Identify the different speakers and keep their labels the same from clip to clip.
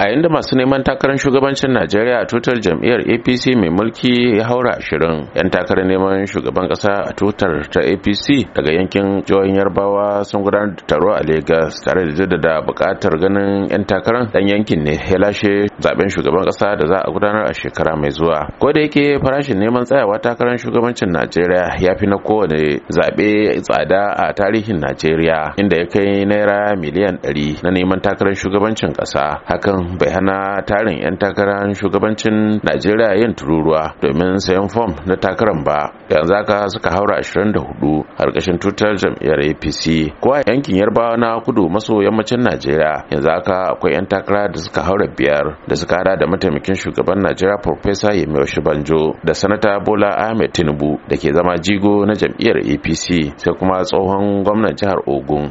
Speaker 1: a inda masu neman takarar shugabancin najeriya a tutar jam'iyyar apc mai mulki ya haura ashirin yan takarar neman shugaban kasa a tutar ta apc daga yankin jihohin yarbawa sun gudanar da taro a Legas, tare da jaddada bukatar ganin yan takarar dan yankin ne ya lashe zaben shugaban kasa da za a gudanar a shekara mai zuwa ko da yake farashin neman tsayawa takarar shugabancin najeriya ya fi na kowane zaɓe tsada a tarihin najeriya inda ya kai naira miliyan ɗari na neman takarar shugabancin ƙasa hakan bai hana tarin 'yan takarar shugabancin najeriya yin tururuwa domin sayan fom na takarar ba yanzu aka suka haura 24 harkashin tutar jam'iyyar apc ko yankin yarbawa na kudu maso yammacin najeriya yanzu aka akwai 'yan takara da suka haura biyar da suka hada da mataimakin shugaban najeriya farfesa yemi banjo da sanata bola ahmed tinubu da ke zama jigo na jam'iyyar apc sai kuma tsohon gwamnan jihar ogun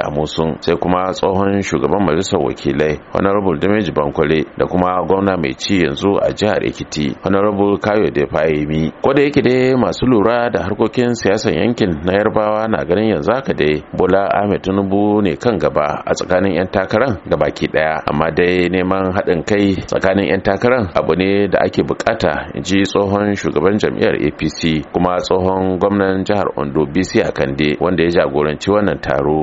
Speaker 1: a musun. sai kuma tsohon shugaban majalisar wakilai honorable honorable damage bankole da kuma gwamna mai ci yanzu a jihar ekiti honorable kayo da fahimi ko da yake dai masu lura da harkokin siyasan yankin na yarbawa na ganin yanzu haka dai bola ahmed tinubu ne kan gaba a tsakanin yan takaran da baki daya amma dai neman haɗin kai tsakanin yan takaran abu ne da ake bukata in ji tsohon shugaban jam'iyyar apc kuma tsohon gwamnan jihar ondo bc a Kande, wanda ya jagoranci wannan taro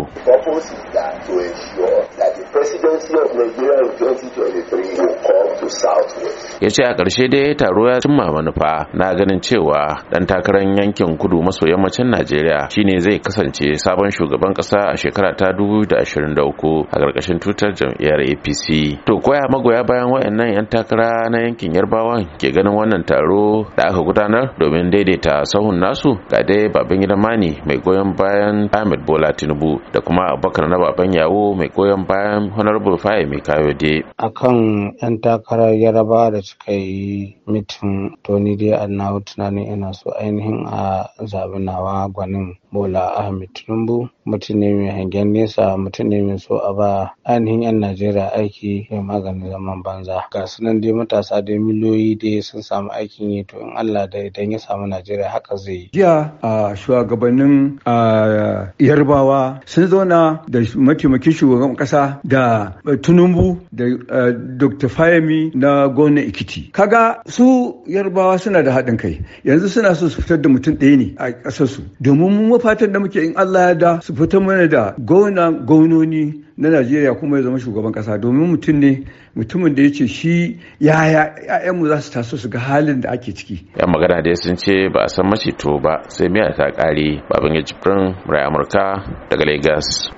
Speaker 1: ya ce a ƙarshe dai taro ya cimma manufa na ganin cewa ɗan takarar yankin kudu maso yammacin najeriya shine zai kasance sabon shugaban ƙasa a shekara ta 2023 a ƙarƙashin tutar jam'iyyar apc to koya magoya bayan waɗannan 'yan takara na yankin yarbawan ke ganin wannan taro da aka gudanar domin daidaita sahun nasu ga dai baban gidan mai goyon bayan ahmed bola tinubu da kuma abubakar na baban yawo mai goyon bayan honorable Rufa'i mai de.
Speaker 2: A kan 'yan takarar yaraba da suka yi mitin to dai a nawa tunanin ina so ainihin a zaɓi nawa gwanin Bola Ahmed Tinubu mutum ne mai hangen nesa mutum ne mai so a ba ainihin 'yan Najeriya aiki ya maganin zaman banza. Ga sunan dai matasa da miliyoyi dai sun samu aikin yi to in Allah da idan ya samu Najeriya haka zai
Speaker 3: yi. Jiya a shugabannin yarbawa sun zauna da mataimakin shugaban ƙasa da Eh, Tinubu da eh, Dr. Fayemi na gona Ikiti. Kaga su Yarbawa suna da haɗin kai. Yanzu suna so su fitar da mutum ɗaya ne a ƙasar su. Domin mun mafatar da muke in Allah ya da su fitar mana da gona gononi na Najeriya kuma ya zama shugaban ƙasa domin mutum ne mutumin da ya ce shi yaya ‘ya'yanmu za su taso su ga halin da ake ciki.
Speaker 1: ‘Yan magana da sun ce ba a san mashito ba sai miya ta ƙare babin ya rai Amurka daga Lagos.